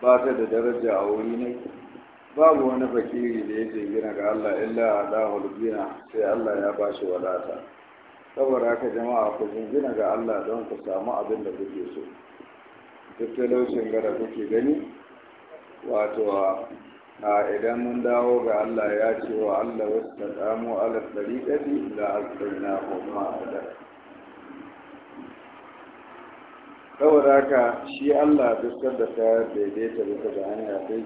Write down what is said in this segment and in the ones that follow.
ba ta da daraja a wuri ne babu wani fakiri da ya jingina ga Allah illa Allahul gina sai Allah ya ba shi wadata saboda haka jama'a ku jingina ga Allah don ku samu abin da kuke so duk talaucin gada kuke gani wato a idan mun dawo ga Allah ya ce wa Allah wasu ta tsamo ala tsari ɗari da homa a da saboda haka shi Allah duskar da ta daidaita duka da hanya dai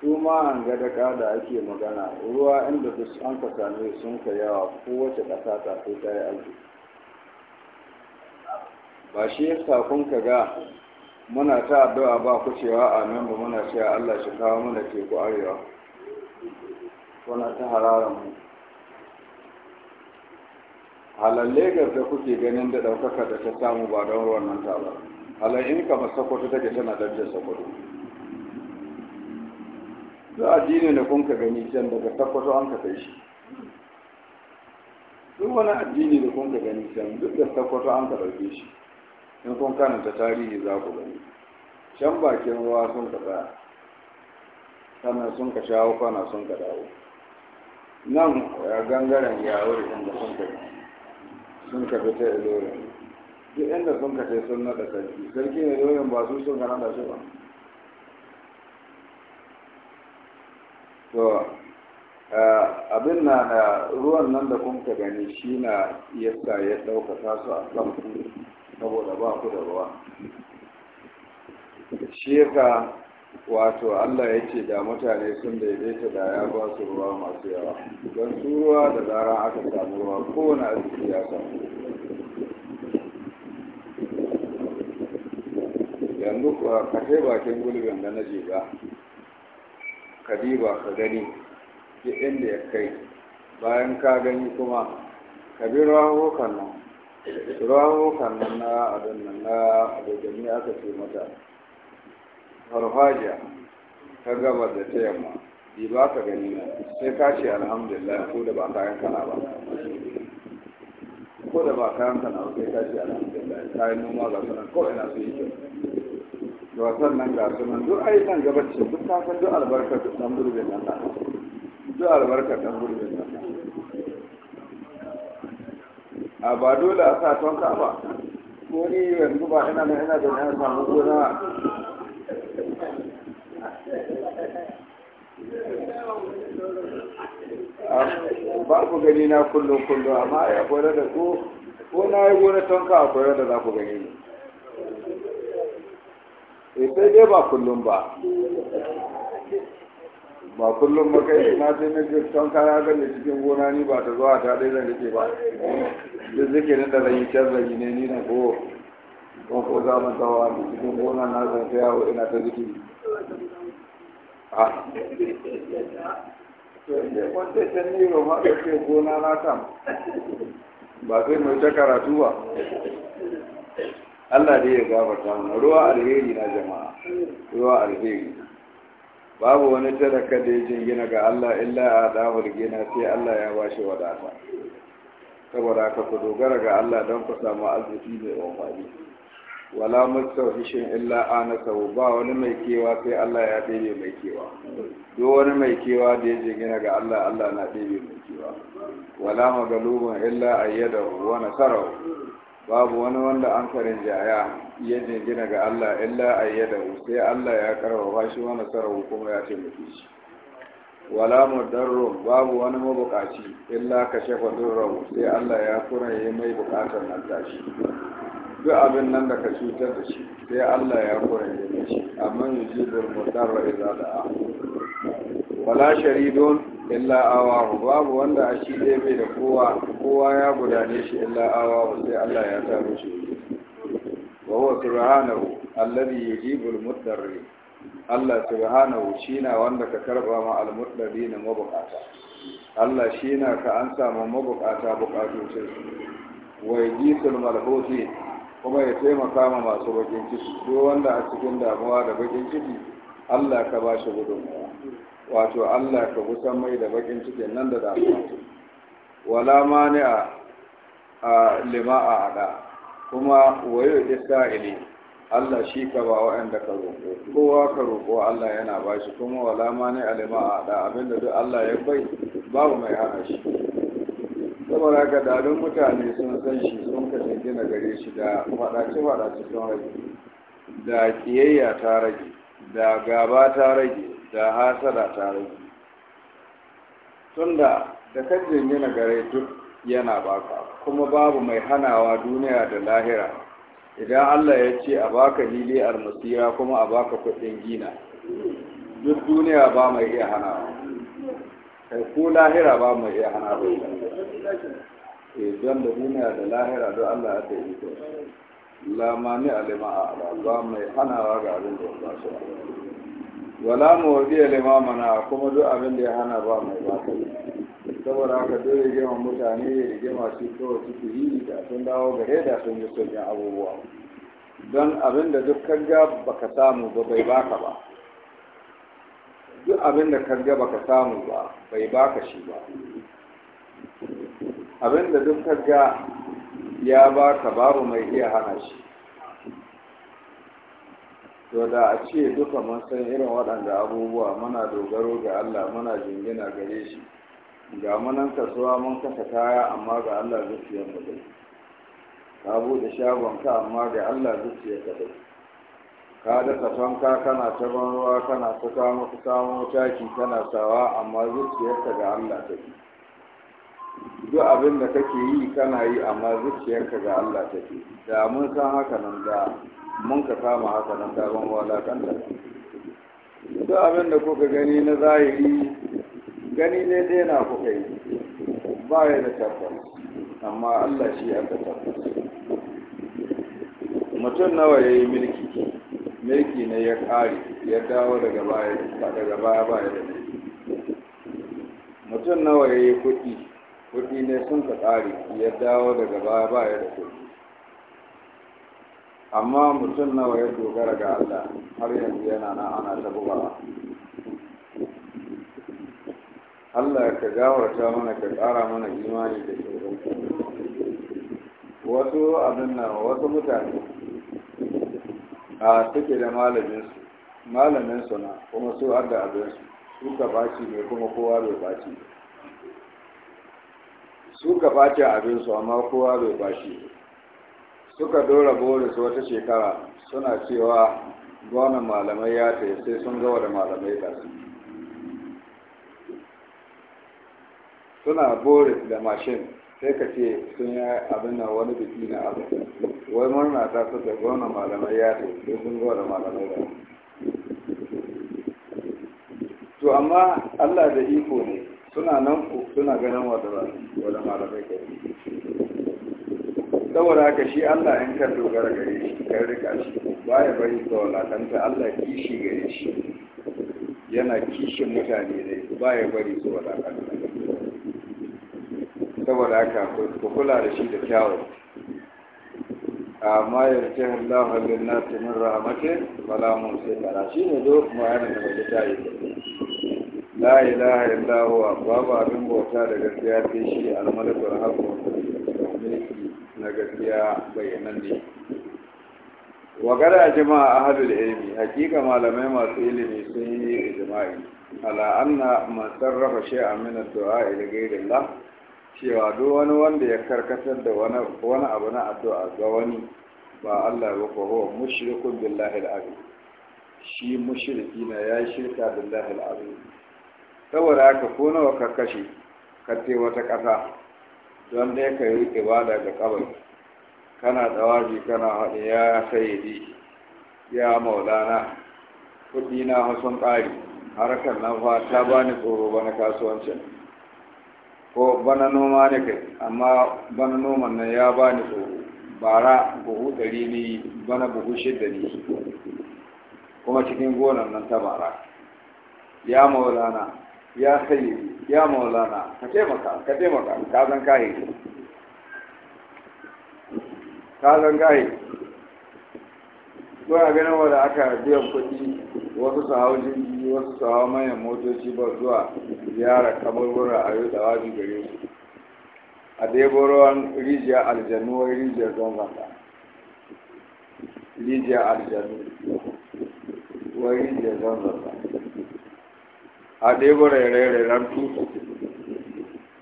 su ma an ga daka da ake magana ruwa inda duk an ka sun ka yawa kowace ƙasa ta sai ta yi arziki ba shi yin ka ga muna ta addu'a ba ku cewa amin ba muna cewa Allah shi kawo mana teku arewa kuna ta harara mu halar Legas da kuke ganin da ɗaukaka da ta samu ba don ruwan nan ta ba halar in kama sakwato take tana darajar sakwato su addini da kun ka gani can daga sakwato an ka kai shi duk wani addini da kun ka gani can duk da sakwato an ka ɗauke shi in kun karanta tarihi za ku gani can bakin ruwa sun ka tsaya sannan sun ka shawo kwana sun ka dawo nan gangaren yawon inda sun ka sun ka fita ilorin duk inda sun ka sai sun nada sarki sarki ne ilorin ba su sun ka da shi ba to abin na na ruwan nan da kun ka gani shi na yasa ya ɗaukaka su a kan saboda ba ku da ruwa shi wato Allah ya ce da mutane sun daidaita da ya ba su ruwa masu yawa don su ruwa da zara aka samu ruwa kowane arziki ya samu yanzu ka kai bakin gulbin da na jiga ka diba ka gani duk inda ya kai bayan ka gani kuma ka bi ruwa nan turahukan nan na abin nan na abogami aka ce mata farfajiya ta gaba da ta yamma bi ba ka gani na sai ka ce alhamdulillah ko da ba kayan kana ba ko da ba kayan kana ba sai ka ce alhamdulillah yi noma ga sunan kawai na su yi kyau da wasan nan ga sunan duk ayyukan gabacin duk ta san duk albarkar dan gurbin nan na duk albarkar dan gurbin nan a ba dole a sa tonka ba ko ni yanzu ba ina nan ina da na samu gona ba ku gani na kullum kullum amma ya gwada da ku ko na yi gona tonka akwai wanda za ku gani ne eh, sai dai ba kullum ba ba kullum ba kai na sai na kan kaya ga cikin gona ni ba ta zuwa ta dai zan rike ba duk zake ne da zan yi can zan yi ne ni na ko ban ko za mu tawa a cikin gona na zan ta yawo ina ta ziki a wanda ta ne ba ma da ke gona na kan. ba sai mai ta karatu ba Allah dai ya gafarta mana ruwa alheri na jama'a ruwa alheri babu wani taraka da ya jingina ga Allah illa a dahul gina sai Allah ya ba shi wadata saboda ka ku dogara ga Allah don ku samu arziki mai amfani wala mustawhishin illa sau ba wani mai kewa sai Allah ya ɗebe mai kewa duk wani mai kewa da ya jingina ga Allah Allah na ɗebe mai kewa wala magalubun illa yada wa nasarahu babu wani wanda an karin jaya ya jingina ga Allah illa ayyada sai Allah ya ba shi wa nasarahu kuma ya taimake shi wala mudarru babu wani mabukaci illa ka shafa durrahu sai Allah ya kura kuraye mai bukatar nan tashi duk abin nan da ka cutar da shi sai Allah ya kuraye mai shi amma yujibul mudarra idza da'a wala sharidun illa awahu babu wanda a shi ɗaya bai da kowa kowa ya gudane shi illa awahu sai Allah ya taru shi wa huwa subhanahu alladhi yujibul mudarri Allah subhanahu shina wanda ka karba ma almudarri na mabukata Allah shina ka an samu mabukata bukatocin su wa yujisul malhuti kuma ya taimaka ma masu bakin ciki duk wanda a cikin damuwa da bakin ciki Allah ka ba shi gudunmawa wato Allah ka gusan mai da bakin cikin nan da damuwa wala mani'a a lima a hada kuma wayo isra'ili Allah shi ka ba waɗanda ka roƙo kowa ka roƙo Allah yana ba shi kuma wala mani'a lima a hada abinda duk Allah ya bai babu mai hana shi saboda ga dalin mutane sun san shi sun kashe gina gare shi da faɗace faɗace sun rage da kiyayya ta rage da gaba ta rage da hasada ta rage tunda da kajin yana gare duk yana baka kuma babu mai hanawa duniya da lahira idan Allah ya ce a baka hili almasira kuma a baka kudin gina duk duniya ba mai iya hanawa kai ko lahira ba mai iya hana ba eh, don da duniya da lahira don Allah ya tafi ko lamani alima a ba mai hanawa ga abin da ba su wala mu mawadiya mana kuma duk abin da ya hana ba mai ba saboda haka dole gama mutane ya rigima shi kawai suke yi da sun dawo gare da sun yi sojin abubuwa don abin da duk ba baka samu ba bai baka ba duk abin da ba baka samu ba bai baka shi ba abin da duk karga ya baka babu mai iya hana shi to da a ce duka mun san irin waɗanda abubuwa muna dogaro ga Allah muna jingina gare shi ga munan kasuwa mun kasa kaya amma ga Allah zuciyar mu dai ka buɗe shagon ka amma ga Allah zuciyar ka dai ka da ka kana ta ban ruwa kana ta samu samu taki kana sawa amma zuciyarka ga Allah take duk abin da kake yi kana yi amma zuciyarka ga Allah take da mun san haka nan da mun ka kama haka nan gaban walakanta duk abin da kuka gani na zahiri gani ne dai na kuka yi ba ya da tabbas amma allah shi aka tabbas mutum nawa ya yi milki milki ne ya kare ya dawo daga baya daga baya ya da mutum nawa ya yi kuɗi kuɗi ne sun ka kare ya dawo daga baya baya da kuɗi amma mutum nawa ya dogara ga Allah har yanzu yana nan ana ta bugawa Allah ka gawarta mana ka tsara mana imani da shirin wasu abin nan wasu mutane a suke da malaminsu malaminsu na kuma su har da abinsu su ka baci ne kuma kowa bai baci su ka baci abinsu amma kowa bai baci suka dora boris wata shekara suna cewa gwamnan malamai ya ta sai sun gawa da malamai da su suna boris da mashin sai ka ce sun yi abin na wani biki na abu wai murna ta su da gwanan malamai ya ta sai sun gawa da malamai da su to amma allah da iko ne suna nan suna ganin wadda malamai kai saboda haka shi Allah in ka dogara gare shi ka rika shi ya bari ka walakanta Allah kishi gare shi yana kishin mutane ne ba ya bari su walakanta saboda haka ku kula da shi da kyawu amma ce Allah halin nasu min rahmatin wala mun sai kara shi ne do kuma yana da wani tayi la ilaha illa huwa babu abin bauta da gaskiya sai shi al-malikul haqqu na gaskiya bayanan ne wagara jama'a da ilimi, hakika malamai masu ilimi sun yi ijma'i ala anna man sarrafa shay'an min ad-du'a ila ghayrillah cewa duk wani wanda ya karkatar da wani abu na addu'a ga wani ba Allah ba ko huwa mushrikun billahi al-azim shi mushriki na ya shirka billahi al-azim saboda haka ko nawa ka kashe ka wata ƙasa don dai ka yi ibada ga kabar kana tsawaji kana haɗe ya sayyidi ya maulana kuɗi na hasun ƙari harkar nan fa ta ba ni tsoro bana kasuwancin ko bana noma ne kai amma bana noman nan ya bani tsoro bara buhu ɗari ne bana buhu shidda ne kuma cikin gonan nan ta bara ya maulana ya sayi ya maulana ka taimaka ka taimaka ka zan kahi ka zan kahi ko a ganin wanda aka biyan kuɗi wasu su hau jirgi wasu su hau manyan motoci ba zuwa kamar kaburbura a yau da wajen gare su a ɗebo ruwan rijiyar aljannu wai rijiyar don zanga rijiyar aljannu wai rijiyar don zanga a ɗebo rairairan tutu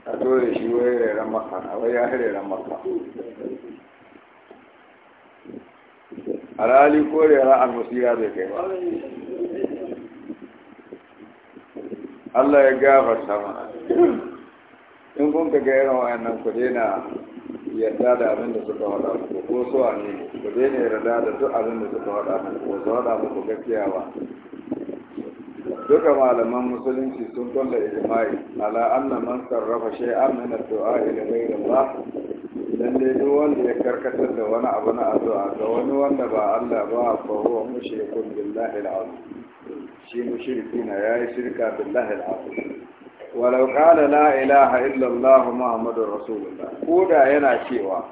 a dole shi wai rairan maka a wai ya rairan maka alhali ko rairan almusira bai kai ba Allah ya gafa sama. in kun ka ga wa'yan nan ku daina yarda da abin da suka wada ko so ne ku daina yarda da duk abin da suka wada muku ko su faɗa muku gaskiya ba duka malaman musulunci sun kulla ijma'i ala anna man sarrafa shay'an min ad-du'a ila ghayri Allah lalle duk wanda ya karkatar da wani abu na addu'a ga wani wanda ba Allah ba fa huwa mushrikun billahi al-azim shi mushriki na yayi shirka billahi al-azim walau qala la ilaha illa Allah muhammadur rasulullah koda yana cewa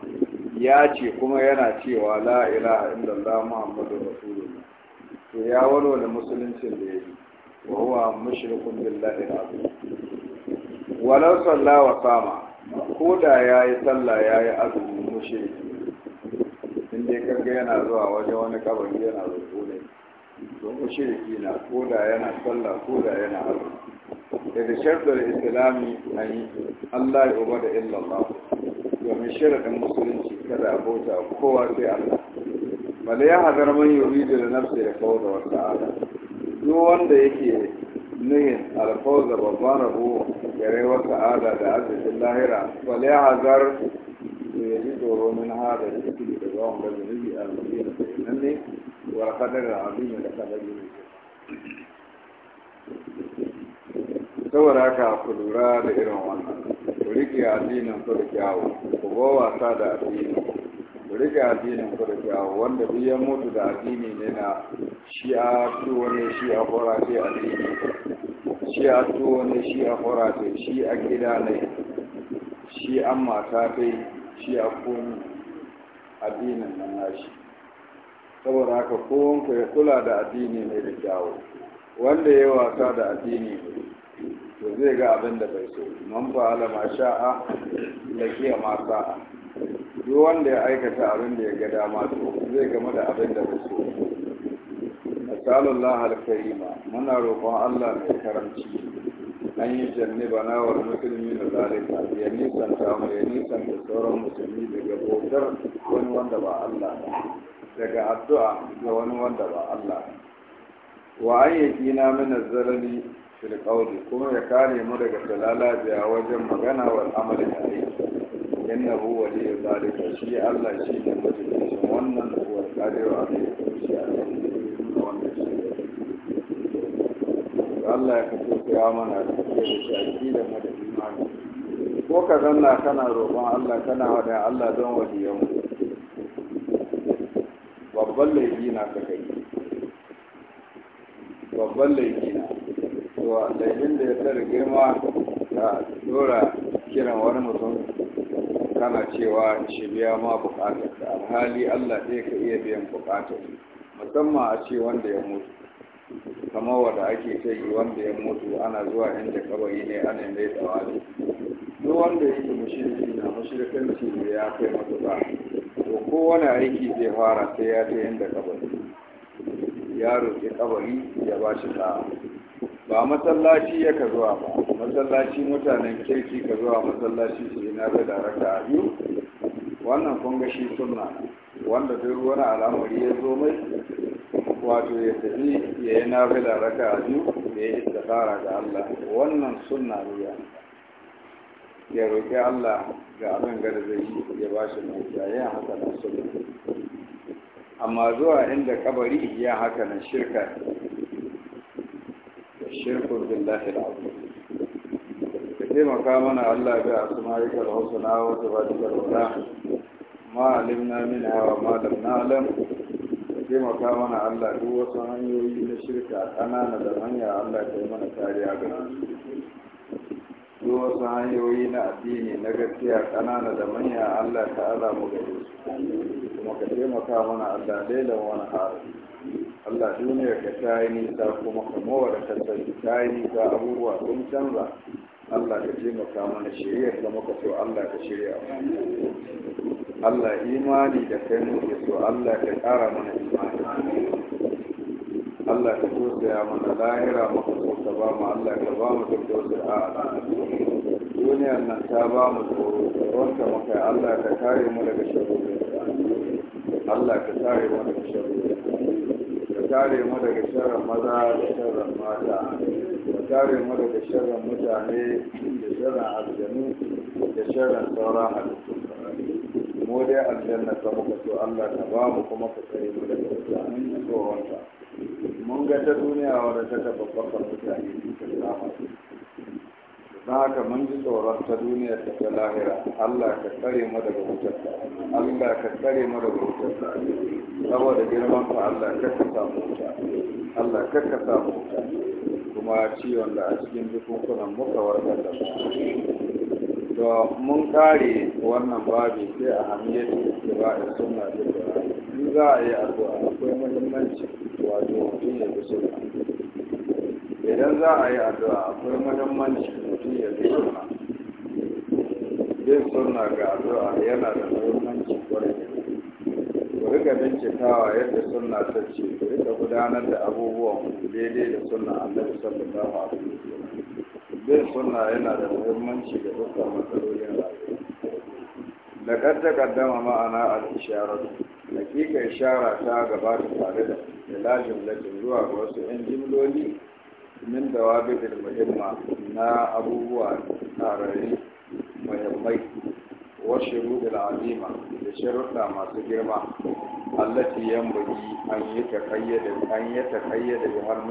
ya ce kuma yana cewa la ilaha illa Allah muhammadur rasulullah to ya walwala musuluncin da yake wa huwa mushrikun billahi walau salla wa sama ko da yayi sallah yayi azumi mushriki inda kaga yana zuwa wajen wani kabari yana roƙo ne to mushriki na yana sallah ko da yana azumi daga sharɗar islami a yi allah ya ubada illallah domin sharaɗin musulunci kada a bauta kowa sai allah bala ya hazar man yuri da nafsi da kawo da wata ala duk wanda yake nuhin alfawza babban rabo ya wata sa'ada da arzikin lahira wale hazar ya ji tsoro min hada da suke da zawon da zunubi a zunubi da sakinan ne wa kadar da abin da kadar yi saboda haka ku lura da irin wannan ku riƙe addinin ku da kyawu ku bawa wasa da addinin rike addinin ku da kyawu wanda duk ya mutu da addini ne na shi a tuwo ne shi a horace addini shi a tuwo ne shi a horace shi a gida ne shi an mata kai shi a kun addinin nan nashi saboda haka ka ya kula da addini ne da kyawu wanda ya wasa da addini to zai ga abin da bai so man fa'ala ma sha'a lakiya ma sa'a duk wanda ya aikata abin da ya ga dama zai game da abin da ba so lahar karima muna roƙon Allah mai karamci an yi ba na wani musulmi da zalika ya nisan samu ya nisan da sauran musulmi daga bautar wani wanda ba Allah daga addu'a ga wani wanda ba Allah wa an yi kina mina zalali fil kuma ya kare mu daga talala biya wajen magana wal amali aiki Inna innahu waliyyu zalika shi Allah shi ne mutum wannan wa qadiru alayhi shi Allah wannan shi Allah ya kace ya mana da shaki da mu da imani ko ka zanna kana roƙon Allah kana wada Allah don waliyan babban laifi na ka kai babban laifi na to laifin da ya tsara girma ka dora kiran wani mutum kana cewa shi biya ma bukatar ka alhali Allah ne ka iya biyan bukatar musamman a ce wanda ya mutu kamar wanda ake ta yi wanda ya mutu ana zuwa inda kabari ne ana mai tsawali duk wanda yake mushirki na mushirkanci ne ya kai matuƙa to kowane aiki zai fara sai ya ta inda kabari ya roƙi kabari ya ba shi ɗa ba masallaci ya ka zuwa ba masallaci mutanen kirki ka zuwa masallaci su na da raka a biyu wannan kun ga shi sunna wanda duk wani al'amari ya zo mai wato ya tafi ya yi na da raka a da ya yi fara ga Allah wannan sunna ne ya roƙi Allah ga abin gada zai yi ya ba shi mai yayin haka na sunna amma zuwa inda kabari ya haka na shirka shirkun billahi al'azim taimaka mana Allah ga asma'ika al-husna wa sifatika al-husna ma alimna minha wa na lam na'lam taimaka mana Allah duk wasu hanyoyi na shirka kanana da hanya Allah ta yi mana kariya ga duk wasu hanyoyi na addini na gaskiya kanana da manya Allah ta ala mu gare su kuma ka taimaka mana Allah lailan wani harafi Allah duniyar ka ta yi nisa kuma kamowar ka ta yi nisa abubuwa sun canza Allah ka taimaka mana shirya da muka so Allah ka shirya Allah imani da kai muke so Allah ka ƙara mana imani Allah ka tausaya mana lahira muka so ka ba mu Allah ka ba mu tausayar a'a duniyar nan ta ba mu tsoro tsoronka muka Allah ka kare mu daga sharri Allah ka kare mu daga sharri ka kare mu daga sharrin maza da sharrin mata kare mu daga sharrin mutane da sharrin aljanu da sharrin sauran halittu mu dai aljanna ta muka so Allah ta ba mu kuma ka kare mu daga mutane tsoronta mun ga ta duniya wadda ta taɓa babbar mutane ta kama don haka mun ji tsoron ta duniya ta ta lahira Allah ka kare mu daga wutarsa Allah ka kare mu daga wutar wutarsa saboda girman ka Allah ka ka samu wuta Allah ka ka samu wuta kuma ciwon da a cikin jikunkunan muka warkar da su To mun kare wannan babi sai a hamiyatu da ba a suna da ba in za a yi addu'a akwai muhimmanci wato mutum ya bi suna idan za a yi addu'a akwai muhimmanci mutum ya bi suna bin suna ga addu'a yana da muhimmanci ku rika bincikawa yadda sunna ta ce ku rika gudanar da abubuwan daidai da sunna annabi sallallahu alaihi wasallam bin sunna yana da muhimmanci ga dukkan matsalolin rayuwa kadda taqaddama ma'ana al-isharatu hakika ishara ta gabata tare da ilajin lakin zuwa ga wasu 'yan jimloli min da da muhimma na abubuwa tarari muhimmai washiru da al'azima da shirrata masu girma allaci yan bugi an yi ta kayyade an yi ta kayyade ya har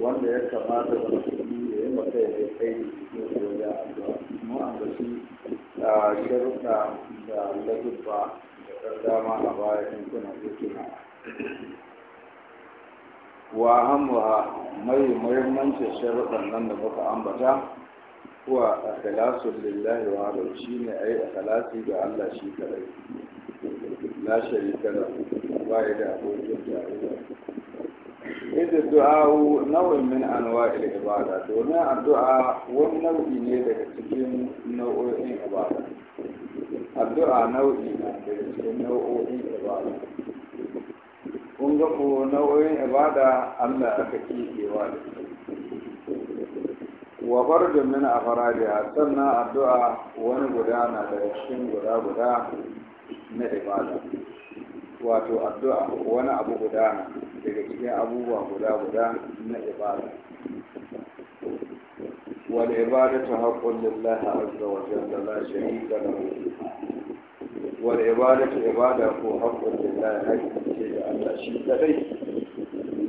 wanda ya kamata su yi da ya mata ya kai da cikin soja mu an ga shi a shirrata da lagubba da kardama a baya in kuna hukuna wa hamuwa mai muhimmancin shirrata nan da muka ambata a kalasun lillahi wa a yi a kalasun da Allah shi kadai na sharika lahu ba ya da abokin tarayya idan du'a nau'in min anwa'il ibada domin addu'a wani nau'i ne daga cikin nau'o'in ibada addu'a nau'i na daga cikin nau'o'in ibada kun ga ko nau'o'in ibada Allah aka kebewa da su wa fardun min afradiha sannan addu'a wani guda na daga cikin guda guda na ibada wato addu'a wani abu guda na daga cikin abubuwa guda guda na ibada wal ibadatu haqqun lillahi azza wa jalla la sharika lahu wal ibadatu ibada ko haqqun lillahi haqqi ce da Allah shi kadai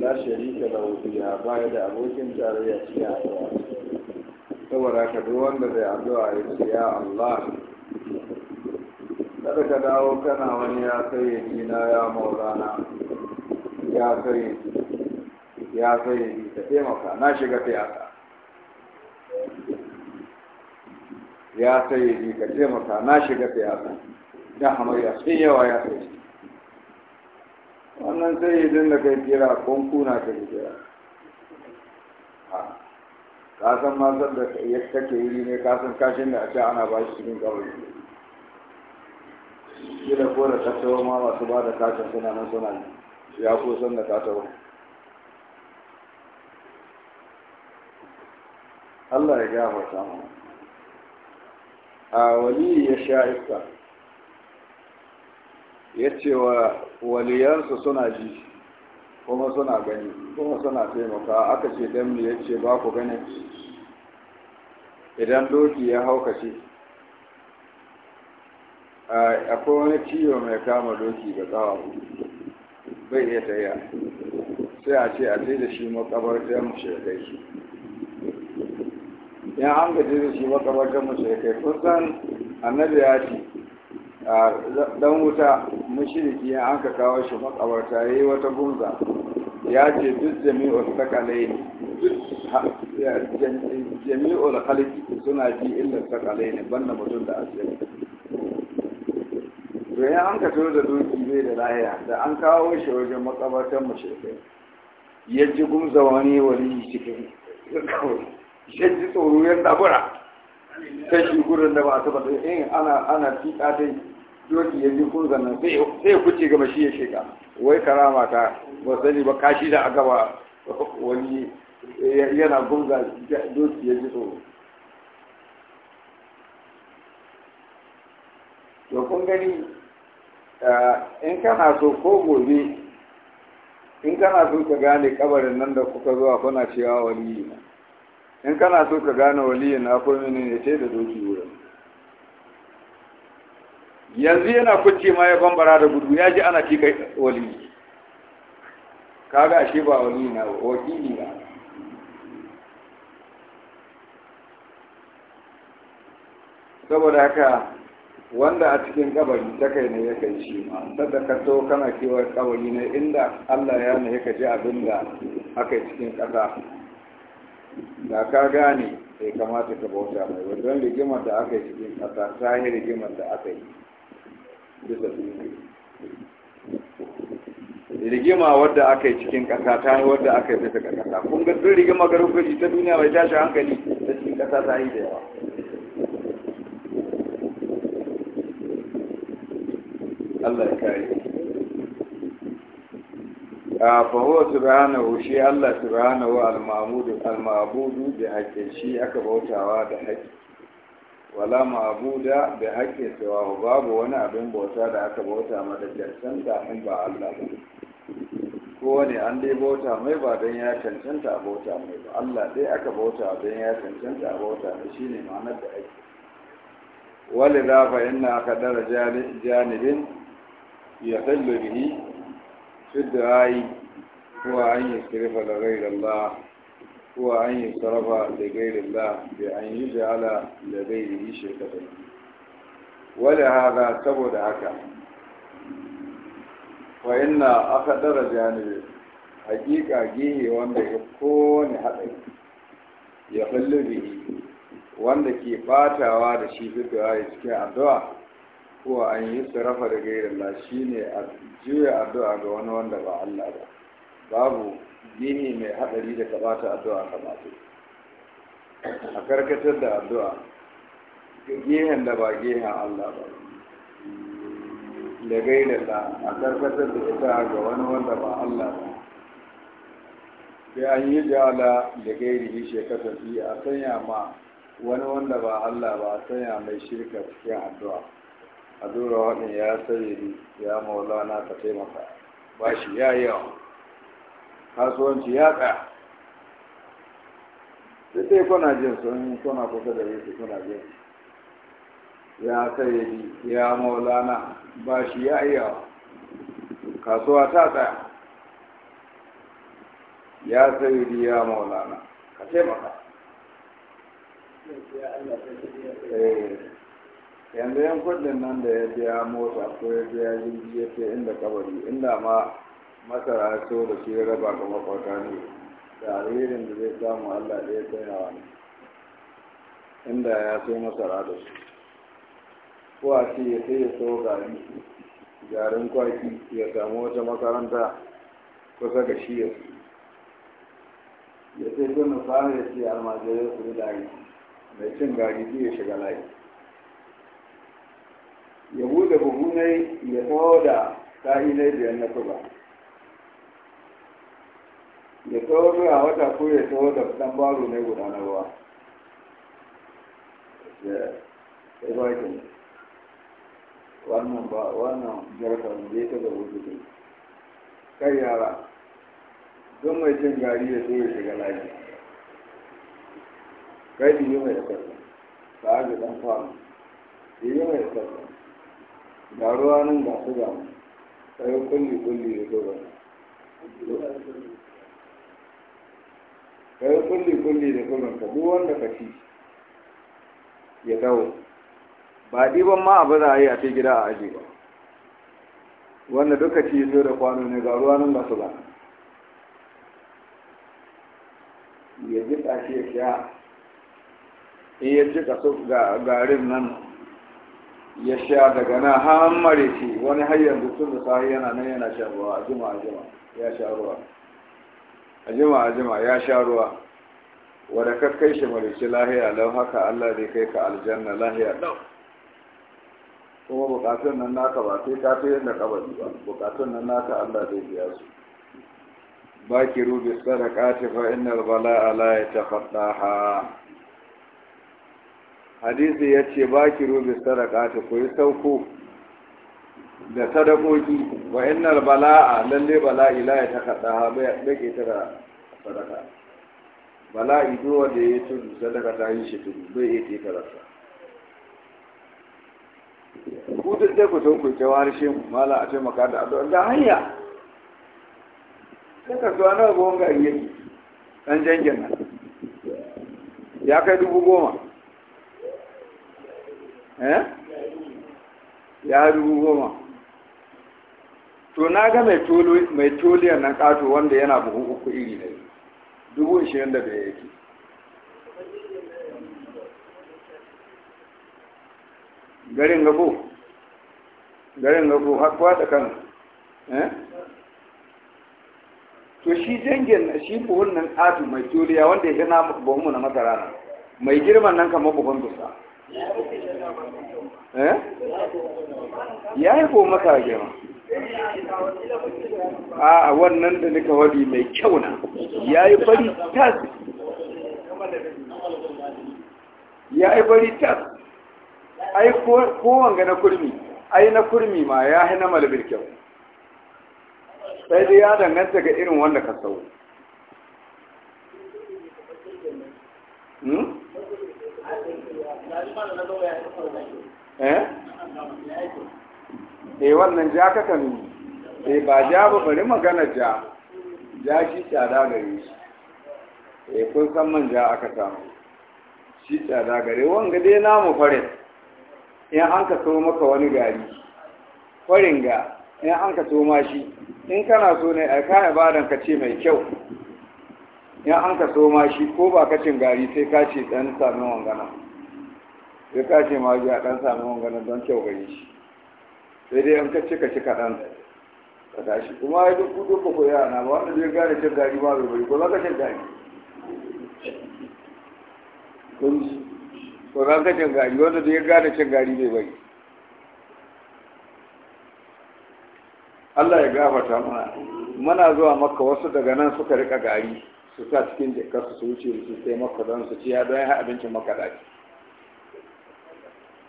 la sharika lahu ya bayar da abokin tarayya cikin ibada saboda ka duk wanda zai addu'a ya ce ya Allah kada ka dawo kana wani ya sayyadi na ya maulana ya sai ya sayyadi ka taimaka na shiga fiyata ya ji ka taimaka na shiga fiyata da ya sun yawa ya sai wannan sai sayyadin da kai kira kun kuna ka kira ka san ma san da ya kake wuri ne ka san kashin da a ce ana ba shi cikin kabari shi da ko da kasawa ma masu ba da kashin suna nan suna ne ya ko san da kasawa Allah ya gafarta mu a wali ya sha iska ya ce wa waliyansu suna ji kuma suna gani kuma suna taimaka aka ce dan mu yace ba ku gani idan doki ya haukace akwai wani ciwo mai kama doki ga kawa bai iya tayya sai a ce a sai da shi makabartar mu shirkai shi in an gaji da shi makabartar mu shirkai kun san annabi ya ce dan wuta mushriki ya aka kawo shi makabarta ya yi wata gunza ya ce duk jami'ul sakalai ne jami'ul halki suna ji illa sakalai banda mutum da asiri ya an ka da doki bai da lahiya da an kawo shi wajen makabartar mashirkai ya ji gunza wani wani cikin ya ji tsoro yan dabura ta shi gudun da ba a taba yin eh, ana ana fiƙa dai doki ya ji kunzan sai ya kuce gama shi ya sheka wai karama ta ba sani ba kashi da a gaba wani yana gunga doki ya ji tsoro to kun gani in kana so ko gobe in kana so ka gane kabarin nan da kuka zuwa kuna cewa waliyi in kana so ka gane waliyin na kuma ne ce da doki wurin yanzu yana kuce ma ya bambara da gudu ya ji ana tika wali kaga ashe ba wali na wakili na saboda haka wanda a cikin kabari ta kai ne ya kai shi ma sadda ka to kana kewar kabari ne inda Allah ya ne ka ji abin da aka yi cikin ƙasa da ka gane ya kamata ka bauta mai wajen rigimar da aka yi cikin ƙasa ta yi rigimar da aka yi rigima wadda aka yi cikin ƙasa ta yi wadda aka yi bisa ƙasa kun ga duk rigima gargaji ta duniya bai tashi hankali ta cikin ƙasa ta yi da yawa Allah ya kare a fahuwa subhanahu hushe Allah subhanahu al mahmudu al-ma'budu da haqqi shi aka bautawa da haqqi wala ma'abuda da haƙƙi cewa babu wani abin bauta da aka bauta mata cancanta in ba Allah ba Ko wani an dai bauta mai ba don ya cancanta a bauta mai ba Allah dai aka bauta don ya cancanta a bauta mai shine ma'anar da ake wali za fa inna aka dara janibin ya hallu bihi fi da ayi ko an yi kirfa da Allah huwa an yi sarrafa da gairin la da an yi ja'ala da gairin shekadai wadda haza saboda haka wa inna aka dara janibi hakika gihe wanda ya kowane haɗari ya fallu bihi wanda ke batawa da shi fitowa ya cikin addu'a ko anyi yi sarrafa da gairin la shine a juya addu'a ga wani wanda ba Allah ba babu yini mai haɗari da kamata addu'a kamata a karkatar da addu'a gehen da ba gehen Allah ba da ta. a karkatar da ita ga wani wanda ba Allah ba sai an yi jala da gairi shekata fi a sanya ma wani wanda ba Allah ba a sanya mai shirka cikin addu'a a dora waɗin ya sayi ya maulana ka taimaka ba shi ya yawa kasuwanci ya tsaya sai sai kuna jin sun kuna kusa da yake kuna jin ya sai ya maulana ba shi ya iya kasuwa ta tsaya ya sayyidi ya maulana ka taimaka eh, yanzu yan kudin nan da ya biya mota ko ya biya jirgi ya ce inda kabari inda ma masara ya so da ya raba ga makwata ne da da zai samu allah da ya tsayawa ne inda ya so masara da su ko a ce ya sai ya so gari garin kwaki ya samu wata makaranta kusa ga shi ya su ya sai sun fara ya ce almajiyar su da gari mai cin gari ya shiga layi ya buɗe buhunai ya tsawo da kahinai biyar na kuba ya tawo ruwa wata ko ya tawo da dan baro ne guda na ruwa ya ba ki wannan ba wannan jarfa ne ta da wuce kai yara don mai cin gari ya so ya shiga lafiya kai da yi mai kasa ta haka dan famu da yi mai kasa ga ruwa nan ga su ga mu sai kulli kulli ya zo ba ka yi kulli-kulli da kullum ka duk wanda ka ci ya dawo ba ɗiban ma abu za a yi a ce gida a aji ba wanda duka ci so da kwano ne ga ruwa nan ba su ba ya ji tashi ya sha in ya ji kaso garin nan ya sha daga na hammare shi wani hayyar da sun da sahi yana nan yana shan ruwa a jima juma'a jima ya sha ruwa a jima a jima ya sha ruwa wadda ka kai shi marici lahiya lau haka allah zai kai ka aljanna lahiya lau kuma bukatun nan naka ba sai ka fi yadda kabari ba bukatun nan naka allah zai biya su baki rubi kati fa ina innal bala'a la yatafaddaha hadisi ba baki rubi kati ku yi sauko da sadakoki wa innal bala'a lalle bala'i la ya takadda ha bai dake tara sadaka bala'i do wanda ya tudu sadaka ta yi shi tudu bai yake tara sa ku duk da ku tunku ku ta warishin mala a taimaka da addu'a da hanya sai zuwa na nawa gonga yi dan jangin nan ya kai dubu goma eh ya dubu goma to na ga mai toliyan nan kato wanda yana buhu uku iri ne dubu ishirin da bai yake garin gabo garin gabo hakuwa da kan eh? to shi dangin shi buhun nan ƙato mai toliya wanda ya na buhunmu na matara na mai girman nan kamar buhun dusa eh? ya yi ko maka girma a wannan da nika wadi mai kyau na ya yi bari tas ya yi bari tas ai kowanga na kurmi ai na kurmi ma ya hina malabir kyau sai dai ya danganta ga irin wanda ka sau hmm? eh E, wannan ja ka kan E, eh, ba ja ba bari magana ja ja shi tsada gare shi E, kun san man ja aka samu shi tsada gare wanga dai namu farin in an ka so maka wani gari farin ga in an ka so ma shi in kana so ne a ka ibadan ka ce mai kyau in an ka so ma shi ko ba ka cin gari sai ka ce dan sami wangana sai ka ce ma a dan sami wangana don kyau gare shi sai dai an ka kacce kaɗan ka tashi kuma ya duk kudu ko koya na ba wanda zai gane cin gari ma bai bari ko za ka cin gari ko za ka cin gari wanda zai gane cin gari bai bari Allah ya gafata mana muna zuwa maka wasu daga nan suka rika gari su sa cikin jikar su wuce su sai makka don su ci ya don ya abincin maka daji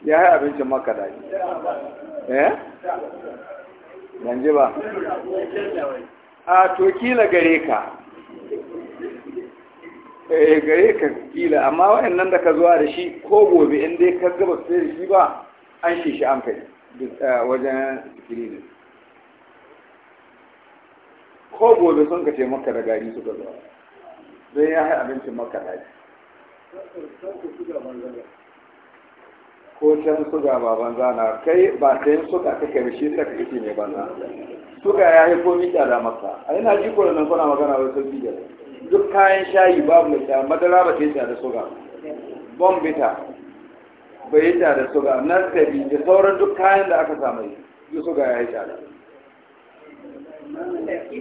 ya abincin maka daji yanzu eh? ban ji ba a to kila gare ka eh gare ka kila amma waɗannan da ka zuwa da shi ko gobe in dai ka gaba su da shi ba an shi shi an kai eh, wajen sikirinin ko gobe sun ka ce maka da gari suka zuwa don ya haɗa abincin maka daji ko can suga ba banza na kai ba ta yin suga ka kai shi ta kake ne banza suga ya yi komi tsada maka a yana ji ko nan kuna magana wai sun bijar duk kayan shayi babu mai tsada madara ba ta yi da suga bombita bai yi da suga nasabi da sauran duk kayan da aka samu duk suga ya yi tsada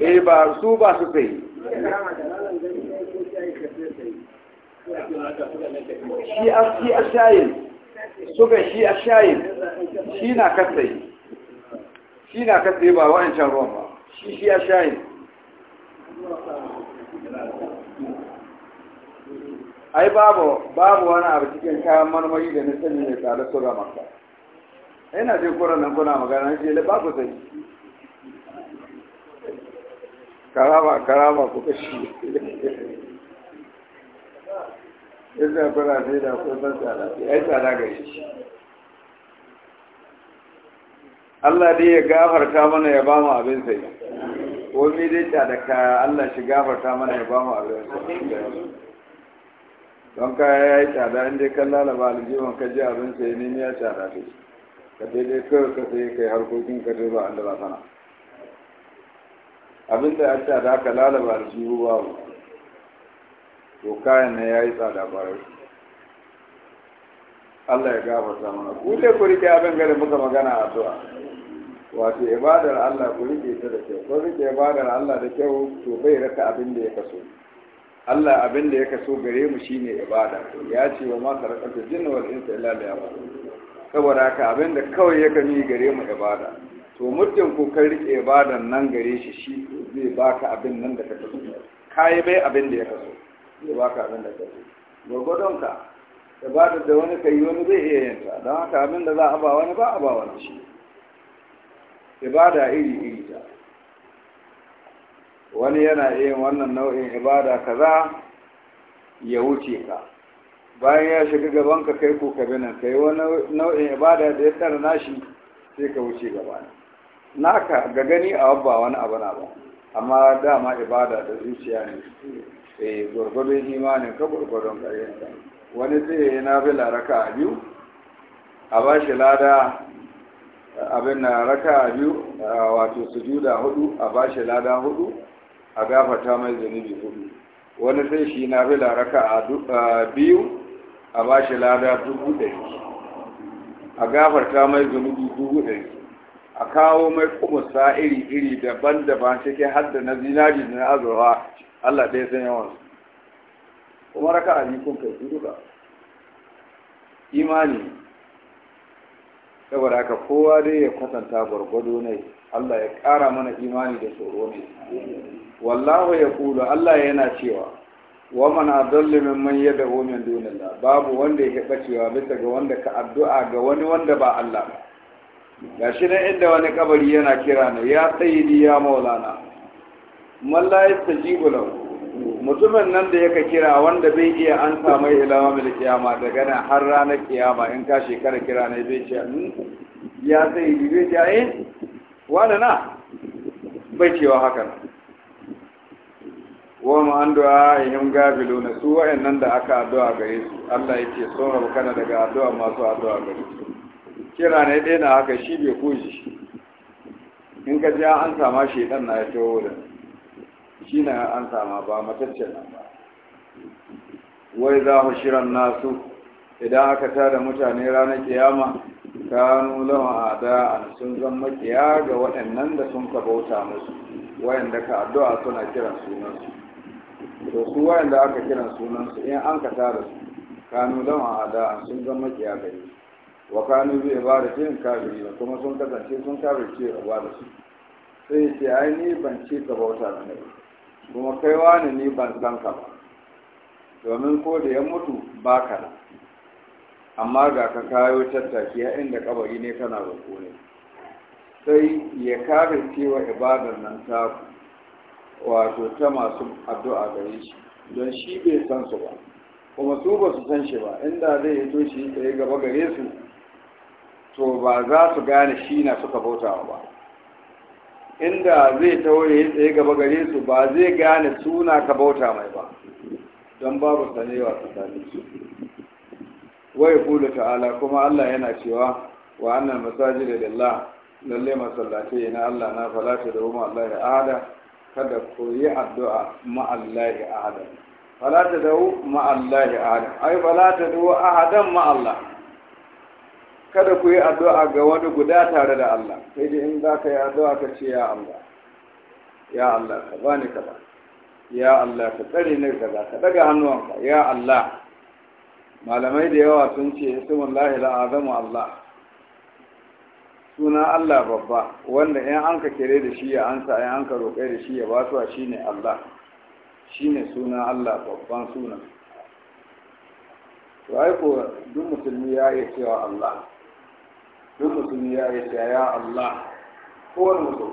eh ba su ba su sai shi a shayin suka shi a shayin shi na katsayi shi na katsayi ba wa'ancan ruwan ba shi shi a shayin ai babu babu wani abu cikin kayan marmari da nisanin ya mai tsada su ga maka yana jin kuran nan kuna magana shi da babu zai karama karama ku kashi yadda fara sai da kusan tsada ya yi tsada ga shi Allah dai ya gafarta mana ya ba mu abin sai ko ni dai tsada ka Allah shi gafarta mana ya ba mu abin sai don kaya ya yi tsada inda kan lalaba aljihun ka ji abin sai ne ya tsada ta ka daidai kawai ka sai kai harkokin ka dai ba Allah ba sana da ya tsada ka lalaba aljihu babu to kayan na ya yi tsada shi. Allah ya gafarta mana ku dai ku rike abin gare muka magana a zuwa wato ibadar Allah ku rike ta da kyau ku rike ibadar Allah da kyau to bai raka abin da ya kaso Allah abin da ya kaso gare mu shine ibada ya ce wa ma sarakatu jinna wal insa illa liya'budu saboda haka abin da kawai ya kami gare mu ibada to muddin ku kai rike ibadan nan gare shi shi zai baka abin nan da ka kaso kai bai abin da ya kaso zai ka abin da yi gwagwadon ka da ba da wani ka yi wani zai iya yanta, don haka abin da za a ba wani ba a ba wani shi ibada iri iri ta wani yana iya wannan nau'in ibada kaza ya wuce ka bayan ya shiga gaban ka kai ko ka kai wani nau'in ibada da ya tsara nashi sai ka wuce gaba ne naka ga gani a wabba wani abu na ba amma dama ibada da zuciya ne eh gurgurdun imanin ka gurgurdun ƙaryanka wani zai yi na bi laraka a biyu a ba shi lada abin na raka a biyu wato juda hudu a ba shi lada hudu a gafata mai zunubi hudu wani zai shi na bi laraka a biyu a ba shi lada dubu ɗari a gafarta mai zunubi dubu ɗari a kawo mai kuma iri iri daban-daban cikin hadda na zinari na azurwa Allah ɗaya san yawan su kuma raka a nikon kai su duka imani saboda haka kowa dai ya kwatanta gwargwado ne Allah ya ƙara mana imani da tsoro ne wallahu ya kulu Allah yana cewa wa man adallu da yad'u min dunillah babu wanda ya heba cewa bisa ga wanda ka addu'a ga wani wanda ba Allah ba gashi nan inda wani kabari yana kira ne ya sayyidi ya maulana malla ta tajibu mutumin nan da yaka kira wanda bai iya an mai ilama mil kiyama daga nan har ranar kiyama in ka shekara kira ne bai ce hmm, ya sai bai ce eh wani na bai cewa haka wa ma an du'a ihim gabilu na su wayannan da aka addu'a gare su Allah ya ce sun rabu kana daga addu'a masu addu'a gare su kira ne ɗaya na haka shi bai koji in ka ji an sama shi dan na ya tawo da shi na an sama ba matacciyar nan ba wai za mu shirin nasu idan aka tada mutane ranar kiyama kanu lawan ada'an sun zan makiya ga waɗannan da sun ka bauta musu wayanda ka addu'a suna kiran sunansu to su wayanda aka kiran sunansu in an ka tada su kanu lawan ada'an sun makiya ga gare wa kanu bi ibadatin kafirin kuma sun kasance sun kafirce su. sai ce ai ni ban ce ka bauta da nabi kuma kaiwa ne ne ban san ba domin ko da ya mutu ba ka nan amma ga ka kayo tattaki a inda kabari ne kana roƙo ne sai ya kare cewa ibadar nan ta wato ta masu addu'a gare shi don shi bai san su ba kuma su ba su san shi ba inda zai yi to shi tsaye gaba gare su to ba za su gane shi na suka bautawa ba inda zai taure ya tsaye gaba gare su ba zai gane suna ka bauta mai ba don babu sanewa tsakanin su wai kula ta'ala kuma Allah yana cewa wa annal da lillah lalle masallatai na Allah na falata da umma Allah ya ada kada ku yi addu'a ma Allah ya ahada falata da ma Allah ya ada ai falata da ahadan ma Allah kada ku yi addu'a ga wani guda tare da Allah sai dai in za ka yi addu'a ka ce ya Allah ya Allah ka bani kaza ya Allah ka tsare ni kaza ka daga hannuwanka ya Allah malamai da yawa sun ce ismun lahi azamu Allah suna Allah babba wanda in an ka kere da shi ya ansa in an ka roƙe da shi ya basuwa shine Allah shine suna Allah babban suna to ai ko duk musulmi ya iya cewa Allah duk mutum ya yi ya Allah kowane mutum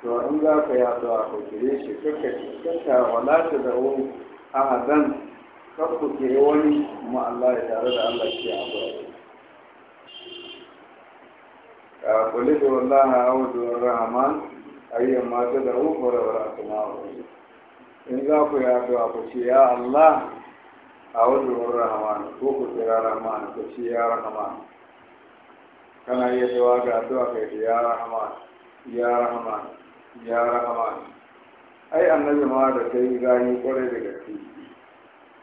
to in za ka yi addu'a ko kire shi kaka kaka wala ta da wani ahadan kakku kire wani kuma Allah ya tare da Allah ke addu'a ka kulli da wallahi a'udhu rahman ayyan ma ta da wani fara wala asma'u in za ku yi addu'a ku ce ya Allah a'udhu rahman ko ku kira rahman ku ce ya rahman kana iya cewa ga addu'a kai da ya rahman ya rahman ya rahman ai annabi ma da kai gani kwarai da gaske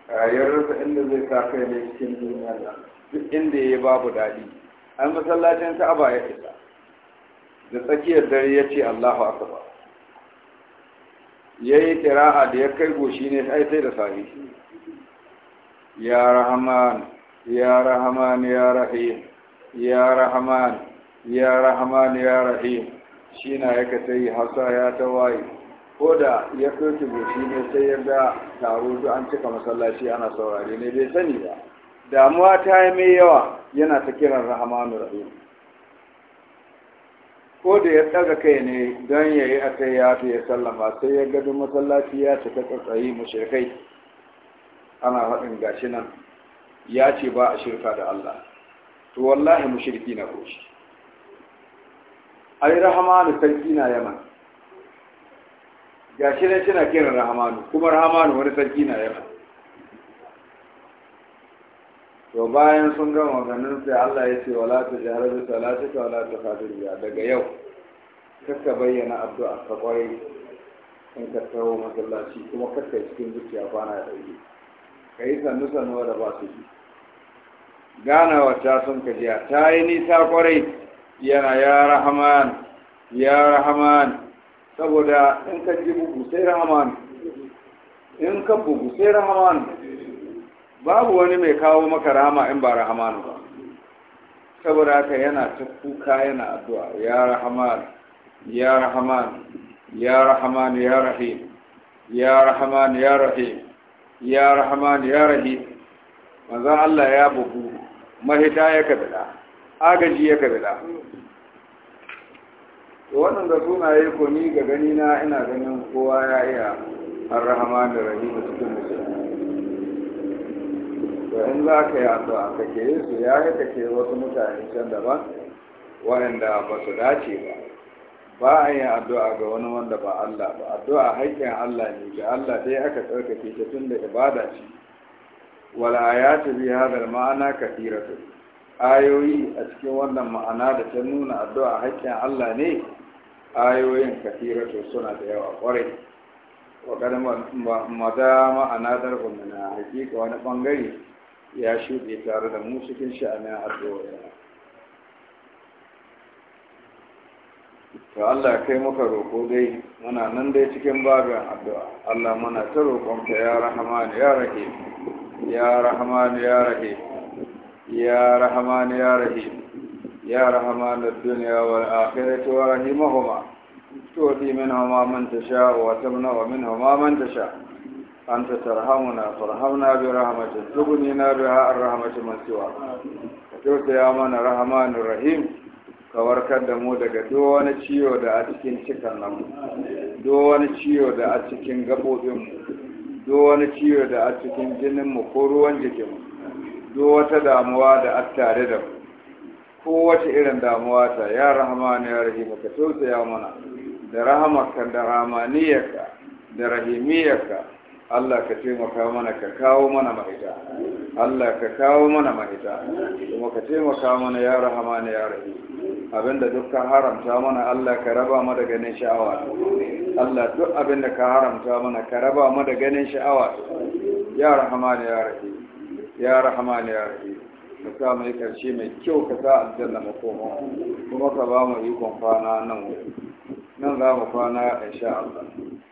ya rasa inda zai sa kai ne cikin duniya nan duk inda ya yi babu daɗi an masallacin aba ya fita da tsakiyar dare ya ce Allahu akbar ya yi kira'a da ya kai goshi ne ai sai da sahi ya rahman ya rahman ya rahim ya rahman ya rahman ya rahim shi na yaka ta yi hausa ya ta waye ko da ya ɗauki shi ne sai ya taro an cika masallaci ana saurari ne bai sani ba damuwa ta yi mai yawa yana ta kiran rahmanu rahim ko da ya ɗaga kai ne don ya yi a ya fi ya sallama sai ya gado masallaci ya cika tsatsayi mashirkai ana faɗin gashi nan ya ce ba a shirka da Allah to wallahi mushriki na ko shi ai rahmanu sarki na yaman gashi ne suna kiran rahmanu kuma rahmanu wani sarki na yaman to bayan sun gama ganin sai Allah ya ce wala ta jaharu bi salatika wala ta fadiriya daga yau kaka bayyana abdu a kwarai in ka tawo masallaci kuma kaka cikin zuciya bana da yi kai sannu sannu da ba su yi ganawa ta sun kajiya ta yi nisa kwarai yana ya rahaman ya rahaman saboda in ka ji bugu sai rahaman in ka bugu sai rahaman babu wani mai kawo maka rahama in ba rahaman ba saboda haka yana ta kuka yana addu'a ya rahaman ya rahaman ya rahaman ya rahim ya rahaman ya rahim ya rahaman ya rahim manzon Allah ya bugu mahita ya kabila agaji ya kabila to waɗanda sunaye ko ni ga gani na ina ganin kowa ya iya arrahama da rahimu cikin musulmi to in za ka yi addu'a ka ke su ya yi wasu mutane can daban waɗanda ba su dace ba ba a yi addu'a ga wani wanda ba Allah ba addu'a haƙƙin Allah ne ga Allah dai aka tsarkake ta tun da ibada ce ya ta bi hadar ma'ana kathiratu ayoyi a cikin wannan ma'ana da ta nuna addu'a hakkin Allah ne ayoyin ta suna da yawa ƙwarai wa maza ma'ana darbin na hakika wani bangare ya shuɗe tare da mu cikin sha'anin addu'a to Allah kai muka roƙo dai muna nan dai cikin babin addu'a Allah muna ta roƙonka ya rahama ya rahim يا رحمن يا رحيم يا رحمن يا رحيم يا رحمن الدنيا والآخرة ورحمهما تؤتي منهما من تشاء وتمنع منهما من تشاء أنت ترحمنا فارحمنا برحمتك تغنينا بها الرحمة من سواك kyauta يا من رحمن الرحيم kawarkar da mu daga duk wani ciwo da a cikin cikin namu duk wani ciwo da a cikin gaɓoɓinmu do wani ciwo da a cikin jinin mu ko ruwan jikin mu do wata damuwa da a tare da mu ko wata irin damuwa ta ya rahamani ya rahim ka tausaya mana da rahamarka da rahmaniyarka da rahimiyarka Allah ka taimaka mana ka kawo mana mahita Allah ka kawo mana mahita kuma ka taimaka mana ya rahamana ya rahim abinda duk ka haramta mana Allah ka raba mu da ganin sha'awa Allah duk abinda ka haramta mana ka raba mu da ganin sha'awa ya rahamana ya rahim ya rahamana ya rahim ka sa mai karshe mai kyau ka sa aljanna mu koma kuma ka ba mu ikon kwana nan nan za mu kwana insha Allah